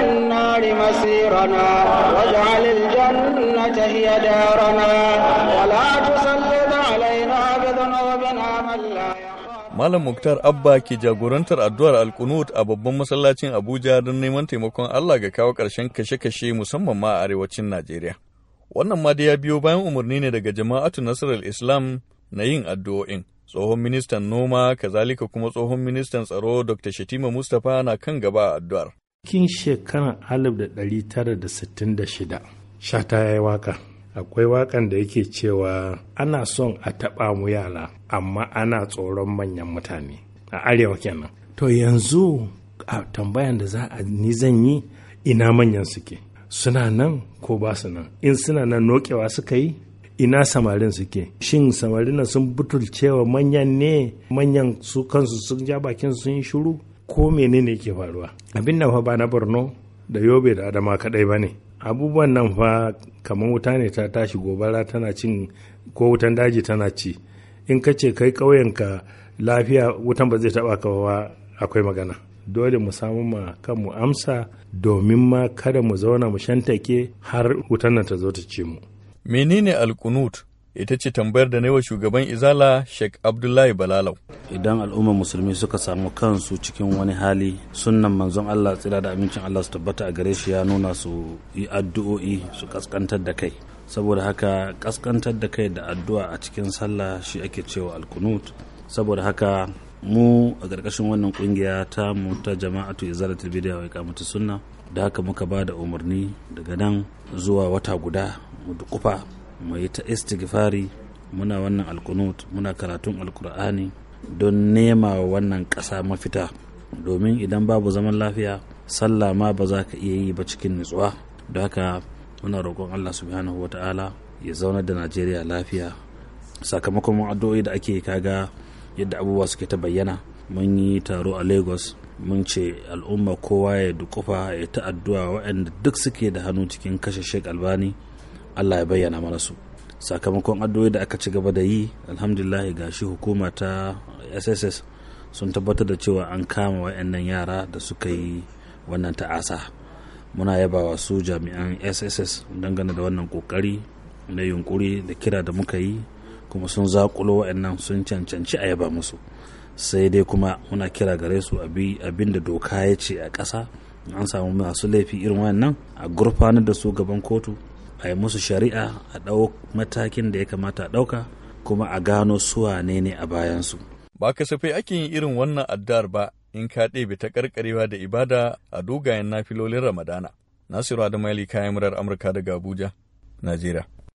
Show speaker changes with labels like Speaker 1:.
Speaker 1: النار مسيرنا واجعل الجنة هي
Speaker 2: دارنا ولا تسلط علينا بذنوبنا من لا Malam Muktar Abba ke jagorantar addu'ar Alkunut a babban masallacin Abuja don neman taimakon Allah ga kawo ƙarshen kashe-kashe musamman ma a arewacin Najeriya. Wannan ma da ya biyo bayan umarni ne daga jama'atu Nasarar Islam na yin addu'o'in. Tsohon ministan noma, kazalika kuma tsohon ministan tsaro Dr. Shatima Mustapha na kan gaba a addu'ar.
Speaker 3: Kin shekarar 1966, Shata ya yi waka. Akwai wakan da yake cewa ana son a taɓa mu yara, amma ana tsoron manyan mutane. A arewa kenan. To yanzu a tambayan da za a ni zan yi ina manyan suke. Suna nan ko ba su nan? In suna nan nokewa suka yi? ina samarin suke shin samarin sun butulcewa manyan ne manyan su kansu sun ja bakin sun yi shuru ko menene ke faruwa abin nan fa ba na borno da yobe da adama kadai ba ne abubuwan nan fa kamar wuta ne ta tashi gobara tana cin ko wutan daji tana ci in ka ce kai ƙauyenka lafiya wutan ba zai taɓa kawawa akwai magana dole mu samu ma kanmu
Speaker 2: amsa domin ma kada mu zauna mu shantake har wutan nan ta zo ta ci mu menene alkunut ita ce tambayar da na wa shugaban izala sheikh abdullahi balalau idan al'ummar musulmi suka samu kansu cikin wani hali sunnan manzon allah tsira da
Speaker 1: amincin allah su tabbata a gare shi ya nuna su yi addu'o'i su kaskantar da kai saboda haka kaskantar da kai da addu'a a cikin sallah shi ake cewa alkunut saboda haka mu a ƙarƙashin wannan ƙungiya ta mu ta jama'atu izalatul bidiya wa iqamatu sunna da haka muka ba da umarni daga nan zuwa wata guda mu dukufa mu ta istighfari muna wannan alkunut muna karatun alkur'ani don nema wa wannan ƙasa mafita domin idan babu zaman lafiya sallah ma ba za ka iya yi ba cikin nutsuwa da haka muna roƙon allah subhanahu ta'ala ya zaunar da najeriya lafiya sakamakon addu'o'i da ake kaga yadda abubuwa suke ta bayyana mun yi taro a lagos mun ce al'umma kowa ya dukufa ya ta addu'a waɗanda duk suke da hannu cikin kashe sheik albani allah ya bayyana mana su sakamakon addu'o'i da aka ci gaba da yi alhamdulillah ga shi hukuma ta sss sun tabbatar da cewa an kama wa'annan yara da suka yi wannan ta'asa muna yaba wa su jami'an sss dangane da wannan kokari na yunkuri da kira da muka yi kuma sun zakulo wa'annan sun cancanci a yaba musu sai dai kuma muna kira gare su abin da doka ya ce a ƙasa an samu masu laifi irin wannan a gurfanar da su gaban kotu a yi musu shari'a a ɗau matakin da ya kamata a ɗauka kuma a gano su ne ne a bayansu.
Speaker 2: Ba kasafai ake yin irin wannan addar ba in ka ɗebe ta ƙarƙarewa da ibada a dogayen nafilolin Ramadana. Nasiru Adamali kayan murar Amurka daga Abuja, Najeriya.